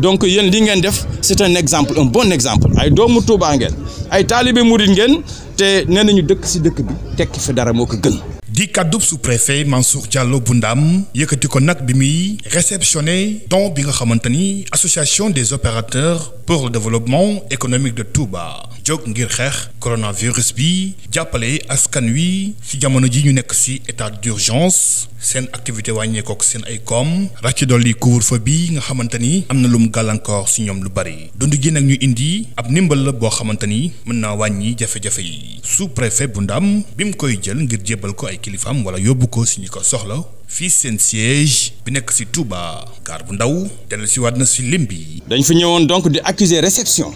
donc yéen li ngeen def c'est un exemple un bon exemple ay doomu Tuubaa ngeen ay taalibe murit ngeen te nee nañu dëkk ci dëkk bi tekk fi dara moo ko gën di kàddub sous-préfet Mansour Diallo bu Ndam yëkkati ko nag bi muy réceptionné don bi nga xamante ni association des opérateurs pour le développement économique de Touba jóg ngir xeex coronavirus bi jàppale askan wi ci jamono ji ñu nekk ci état d'urgence seen activité wàññeekook seen ay koom rax ci dolli couvre-feu bi nga xamante ni am na lu mu gàllankoor ci ñoom lu bari dund gi nag ñu indi ab ndimbal la boo xamante ni mën naa wàññi jafe-jafe yi sous-préfet bu Ndam bi mu koy jël ngir jébbal ko ay kilifaam wala yóbbu ko ci ñi ko soxla fii seen siège bi nekk ci Touba gaar bu ndaw dellu ci waat na ci lim bi dañ fi ñëwoon donc di accuser réception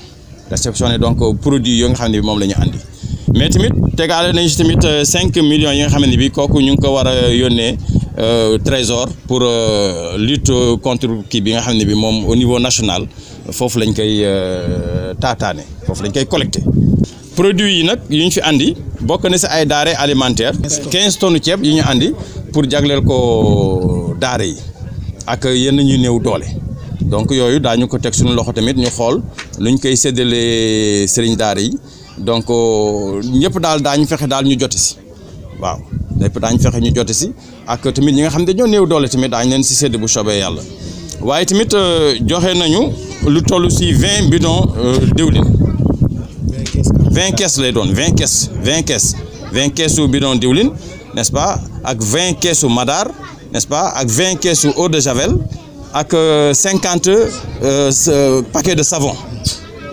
réceptionné donc produit yoo nga xam ne bi moom la ñu andi mais tamit tegale nañu si tamit euh, cinq millions yi nga xam ne bi kooku ñu ngi ko war a yónnee euh, trésor pour euh, lutte contre kii bi nga xam ne bi moom au niveau national foofu lañ koy taataane foofu lañ koy collecté produits yi nag yu ñu fi andi bokk na si ay denrées alimentaires quinze tonnes ceeb yi ñu andi pour jagleel ko daara yi ak yenn ñu néew doole donc yooyu daa ñu ko teg suñu loxo tamit ñu xool luñ koy séddalee sëriñ daara yi donc euh, ñëpp daal daañu fexe daal ñu joti si waaw lépp daañ fexe ñu joti si ak tamit ñi nga xam ne ñoo néew doole tamit daañu leen si sedd bu sobee yàlla waaye tamit euh, joxe nañu lu toll si vingt bidon euh, diwlin vingt kees lay doon vingt kees vingt kees vingt keesu bidon diwlin n'est-ce pas ak vingt keesu madar n'est-ce pas ak vingt keesu eau de javel ak euh, cinquante euh, paquet de savon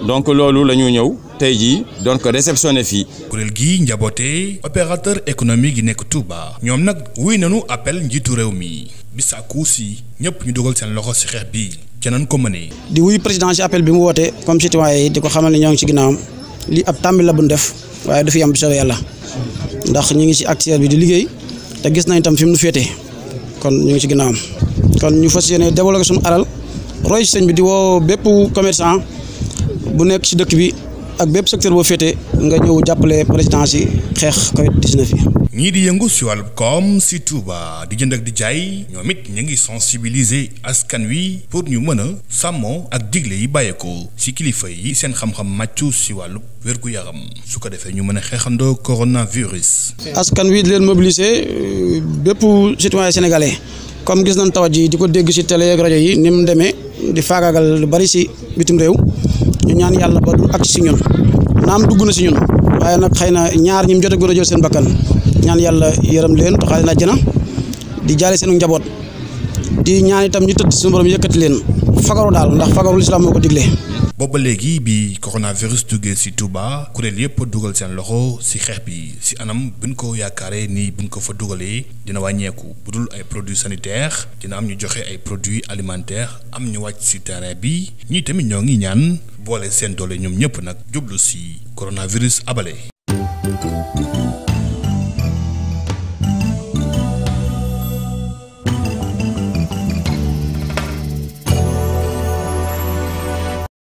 donc loolu la ñu ñëw tey jii donc réceptionné fii. kuréel gi njabootee opérateur économie yi nekk Touba. ñoom nag wuy nañu appel njiitu réew mi bi sàkku si ñëpp ñu dugal seen loxo si xeex bi ca nañ ko mënee. di wuy président si appel bi mu wootee comme citoyen yi di ko xamal ne ñoo ngi ci ginnaawam li ab tàmbali la bu buñ def waaye du fi am solo yàlla ndax ñu ngi si acteur bi di liggéey te gis nañ tam fi mu nu féete kon ñu ngi ci ginnaawam. kon ñu fas yéene développé suñu alal roy sëñ bi di woo bépp commerçant bu nekk ci dëkk bi ak bépp secteur boo féetee nga ñëw jàppale président si xeex Covid 19 yi. ñii di yëngu si wàllu koom si Touba di jënd ak di jaay ñoom it ñu ngi sensibiliser askan wi pour ñu mën a sàmmoo ak digle yi bàyyeekoo si kilifa yi seen xam-xam màccu si wàllu wérgu yaram su ko defee ñu mën a xeexandoo coronavirus. askan wi di leen mobiliser bépp citoyen sénégalais. comme gis nañ tawat ji di ko dégg si tele yeeg rajo yi ni mu demee di faagaagal lu bari si bitim réew ñu ñaan yàlla ba du ak si ñun naam dugg na si ñun waaye nag xëy na ñaar ñi mu jot a gën jël seen bakkan ñaan yàlla yërëm leen taxaale na jëna di jaale seen njaboot di ñaan itam ñu tëdd suñu borom yëkkati leen fagaru daal ndax fagaru lislaam moo ko diglee booba léegi bi coronavirus duggee ci Touba kuréel yëpp dugal seen loxo ci xeex bi ci anam buñ ko yaakaaree nii buñ ko fa dugalee dina wàññeeku bu dul ay produits sanitaires dina am ñu joxe ay produits alimentaire am ñu wàcc ci terrain bi ñii tamit ñoo ngi ñaan boole seen doole ñoom ñëpp nag jublu ci coronavirus abale